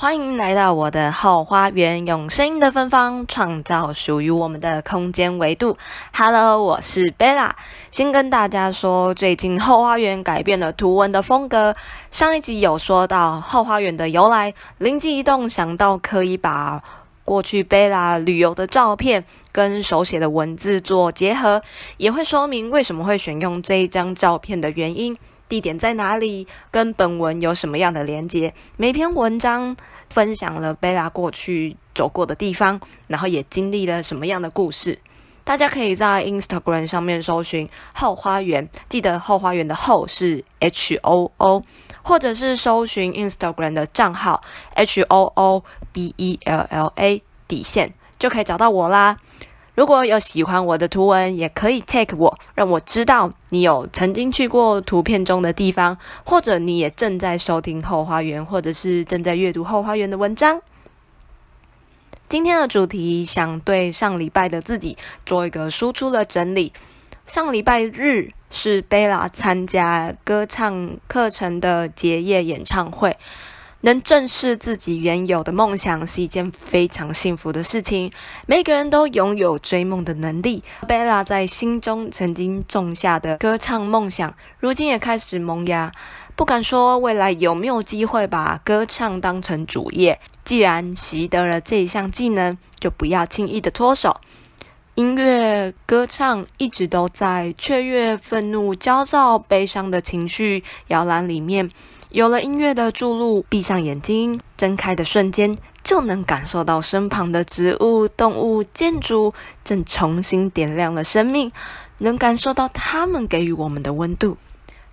歡迎來到我的後花園，用聲音的芬芳創造屬於我們的空間維度。Hello，我是 Bella。先跟大家說，最近後花園改變了圖文的風格。上一集有說到後花園的由來，靈機一動想到可以把過去 Bella 旅遊的照片跟手寫的文字做結合，也會說明為什麼會選用這一張照片的原因。地點在哪裡？跟本文有什麼樣的連接？每篇文章分享了貝拉過去走過的地方，然後也經歷了什麼樣的故事。大家可以在 Instagram 上面搜尋“後花園”，記得“後花園”的“後”是 H O O，或者是搜尋 Instagram 的賬號 H O O B E L L A，底線，就可以找到我啦。如果有喜歡我的圖文，也可以 tag 我，讓我知道你有曾經去過圖片中的地方，或者你也正在收聽後花園，或者是正在閱讀後花園的文章。今天的主題想對上禮拜的自己做一個輸出的整理。上禮拜日是貝拉參加歌唱課程的結業演唱會。能正視自己原有的夢想是一件非常幸福的事情。每個人都擁有追夢的能力。貝拉在心中曾經種下的歌唱夢想，如今也開始萌芽。不敢說未來有沒有機會把歌唱當成主業，既然習得了這一項技能，就不要輕易的脫手。音樂歌唱一直都在，雀躍、憤怒、焦躁、悲傷的情緒搖籃裡面，有了音樂的注入。閉上眼睛，睜開的瞬間，就能感受到身旁的植物、動物、建築正重新點亮了生命，能感受到他們給予我們的溫度。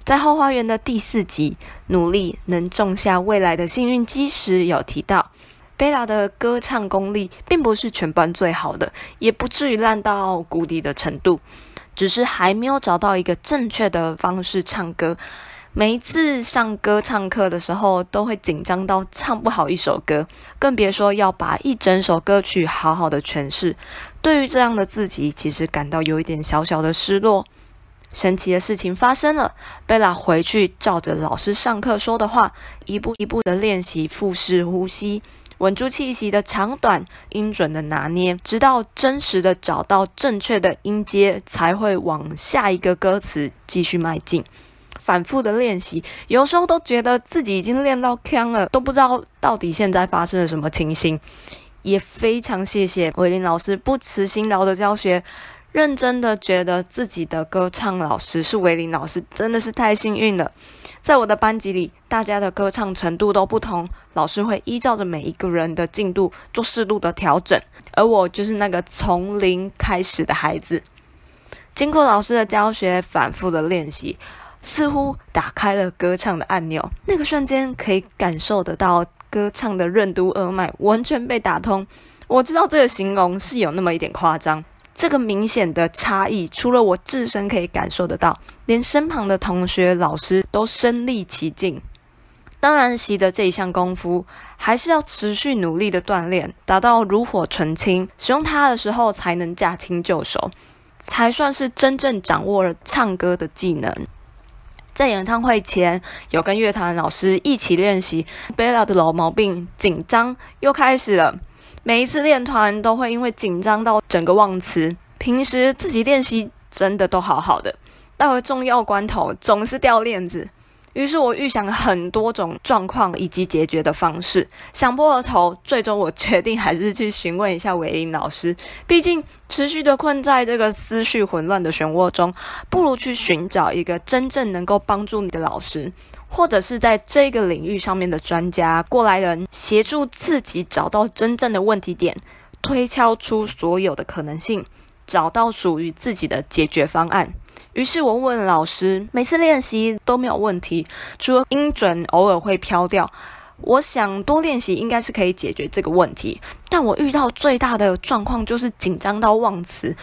在後花園的第四集《努力能種下未來的幸運基石》有提到。貝拉的歌唱功力並不是全班最好的，也不至於爛到谷底的程度，只是還沒有找到一個正確的方式唱歌。每一次上歌唱課的時候，都會緊張到唱不好一首歌，更別說要把一整首歌曲好好的詮釋。對於這樣的自己，其實感到有一點小小的失落。神奇的事情發生了，貝拉回去照着老師上課說的話，一步一步的練習腹式呼吸。穩住氣息的長短，音準的拿捏，直到真實的找到正確的音階，才會往下一個歌詞繼續邁進。反復的練習，有時候都覺得自己已經練到腔了，都不知道到底現在發生了什麼情形。也非常謝謝韋林老師不辭辛勞的教學，認真的覺得自己的歌唱老師是韋林老師，真的是太幸運了。在我的班級裡，大家的歌唱程度都不同，老師會依照着每一個人的進度做適度的調整。而我就是那個從零開始的孩子，經過老師的教學、反覆的練習，似乎打開了歌唱的按鈕。那個瞬間，可以感受得到歌唱的任督二脈完全被打通。我知道這個形容是有那麼一點誇張。這個明顯的差異，除了我自身可以感受得到，連身旁的同學、老師都身歷其境。當然，習得這一項功夫，還是要持續努力的鍛鍊，達到爐火純青，使用它的時候才能駕輕就熟，才算是真正掌握了唱歌的技能。在演唱會前，有跟樂團老師一起練習，Bella 的老毛病——緊張，又開始了。每一次練團都會因為緊張到整個忘詞，平時自己練習真的都好好的，到了重要關頭總是掉鏈子。於是我預想了很多種狀況以及解決的方式，想破了頭，最終我決定還是去詢問一下韋林老師。畢竟持續的困在這個思緒混亂的漩渦中，不如去尋找一個真正能夠幫助你的老師。或者是在這個領域上面的專家、過來人，協助自己找到真正的問題點，推敲出所有的可能性，找到屬於自己的解決方案。於是我問老師，每次練習都沒有問題，除了音準偶爾會飄掉。我想多練習應該是可以解決這個問題，但我遇到最大的狀況就是緊張到忘詞，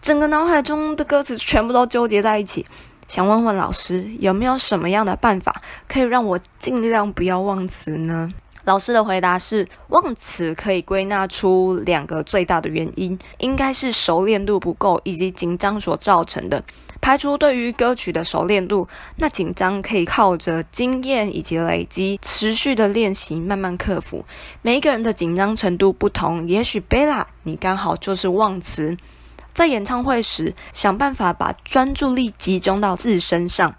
整個腦海中的歌詞全部都糾結在一起。想問問老師，有沒有什麼樣的辦法可以讓我盡量不要忘詞呢？老師的回答是，忘詞可以歸納出兩個最大的原因，應該是熟練度不夠以及緊張所造成的。排除對於歌曲的熟練度，那緊張可以靠着經驗以及累積持續的練習慢慢克服。每一個人的緊張程度不同，也許 Bella，你剛好就是忘詞。在演唱會時，想辦法把專注力集中到自己身上，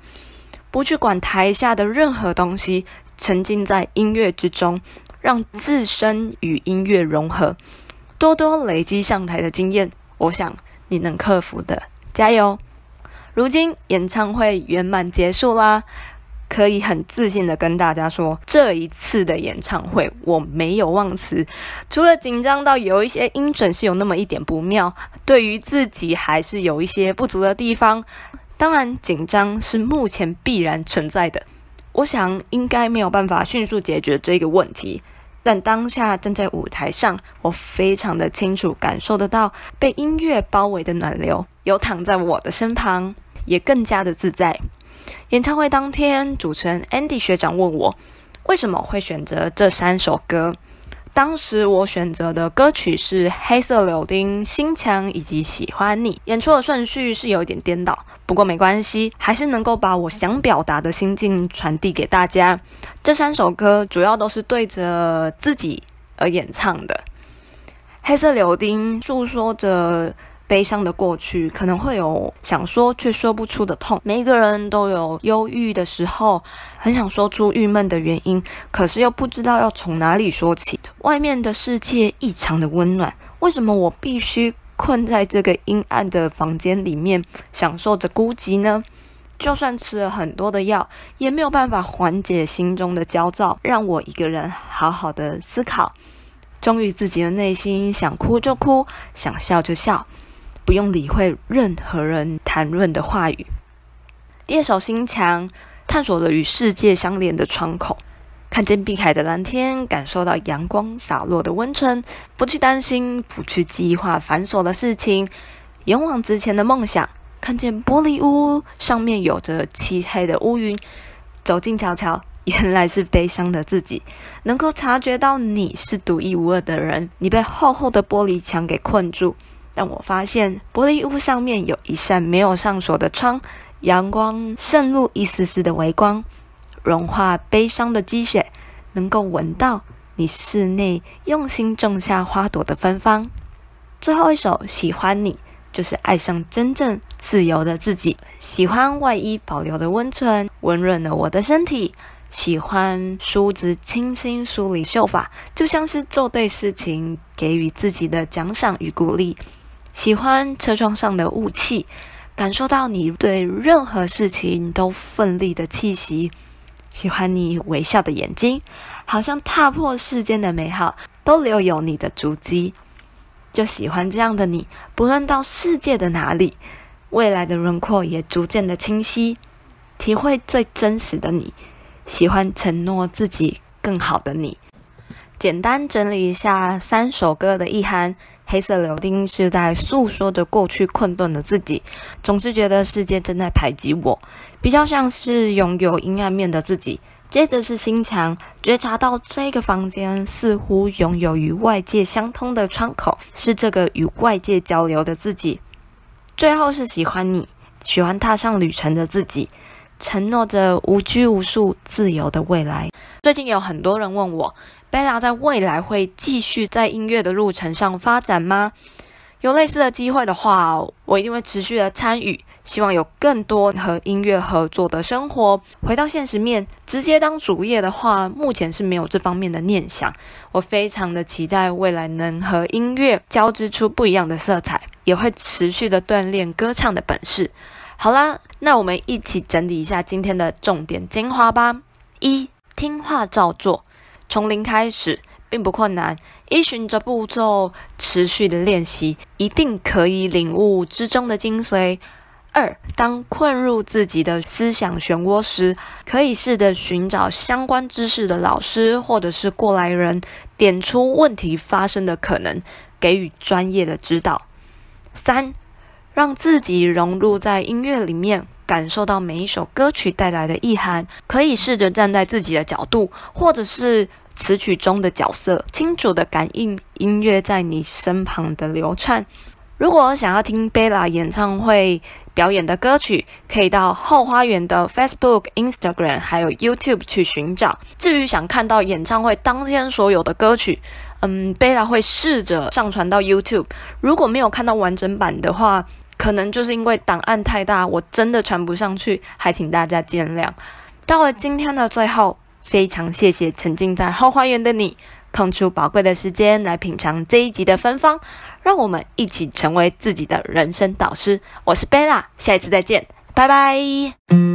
不去管台下的任何東西，沉浸在音樂之中，讓自身與音樂融合，多多累積上台的經驗，我想你能克服的，加油！如今演唱會圓滿結束啦。可以很自信的跟大家說，這一次的演唱會我沒有忘詞，除了緊張到有一些音準是有那麼一點不妙，對於自己還是有一些不足的地方。當然，緊張是目前必然存在的，我想應該沒有辦法迅速解決這個問題。但當下站在舞台上，我非常的清楚感受得到被音樂包圍的暖流，有躺在我的身旁，也更加的自在。演唱會當天，主持人 Andy 學長問我，為什麼會選擇這三首歌？當時我選擇的歌曲是《黑色柳丁》《心牆》以及《喜歡你》。演出的順序是有一點顛倒，不過沒關係，還是能夠把我想表達的心境傳遞給大家。這三首歌主要都是對着自己而演唱的，《黑色柳丁》訴說着。悲傷的過去可能會有想說卻說不出的痛。每一個人都有憂鬱的時候，很想說出鬱悶的原因，可是又不知道要從哪裡說起。外面的世界異常的溫暖，為什麼我必須困在這個陰暗的房間裡面，享受着孤寂呢？就算吃了很多的藥，也沒有辦法緩解心中的焦躁，讓我一個人好好的思考，忠於自己的內心，想哭就哭，想笑就笑。不用理會任何人談論的話語。第二首《心牆》，探索了與世界相連的窗口，看見碧海的藍天，感受到陽光灑落的溫存，不去擔心，不去計劃繁瑣的事情，勇往直前的夢想。看見玻璃屋，上面有着漆黑的烏雲，走近瞧瞧，原來是悲傷的自己。能夠察覺到你是獨一無二的人，你被厚厚的玻璃牆給困住。但我發現玻璃屋上面有一扇沒有上鎖的窗，陽光滲入一絲絲的微光，融化悲傷的積雪，能夠聞到你室內用心種下花朵的芬芳。最後一首《喜歡你》，就是愛上真正自由的自己。喜歡外衣保留的溫存，溫潤了我的身體。喜歡梳子輕輕梳理秀髮，就像是做對事情給予自己的獎賞與鼓勵。喜歡車窗上的霧氣，感受到你對任何事情都奮力的氣息。喜歡你微笑的眼睛，好像踏破世間的美好，都留有你的足跡。就喜歡這樣的你，不論到世界的哪裡，未來的輪廓也逐漸的清晰，體會最真實的你，喜歡承諾自己更好的你。簡單整理一下三首歌的意涵：黑色柳丁是在訴說着過去困頓的自己，總是覺得世界正在排擠我，比較像是擁有陰暗面的自己；接着是心牆，覺察到這個房間似乎擁有與外界相通的窗口，是這個與外界交流的自己；最後是喜歡你，喜歡踏上旅程的自己，承諾着無拘無束、自由的未來。最近有很多人問我。貝拉在未來會繼續在音樂的路程上發展嗎？有類似的機會的話，我一定會持續的參與。希望有更多和音樂合作的生活。回到現實面，直接當主業的話，目前是沒有這方面的念想。我非常的期待未來能和音樂交織出不一樣的色彩，也會持續的鍛鍊歌唱的本事。好啦，那我們一起整理一下今天的重點精華吧。一、聽話照做。從零開始並不困難，一，循着步驟持續的練習，一定可以領悟之中的精髓。二，當困入自己的思想漩渦時，可以試着尋找相關知識的老師或者是過來人，點出問題發生的可能，給予專業的指導。三，讓自己融入在音樂裡面。感受到每一首歌曲帶來的意涵，可以試着站在自己的角度，或者是詞曲中的角色，清楚地感應音樂在你身旁的流竄。如果想要聽貝拉演唱會表演的歌曲，可以到 Hoo 花園的 Facebook、Instagram 還有 YouTube 去尋找。至於想看到演唱會當天所有的歌曲，嗯，貝拉會試着上傳到 YouTube。如果沒有看到完整版的話，可能就是因為檔案太大，我真的傳不上去，還請大家見諒。到了今天的最後，非常謝謝沉浸在後花園的你，空出寶貴的時間來品嘗這一集的芬芳，讓我們一起成為自己的人生導師。我是貝拉，下一次再見，拜拜。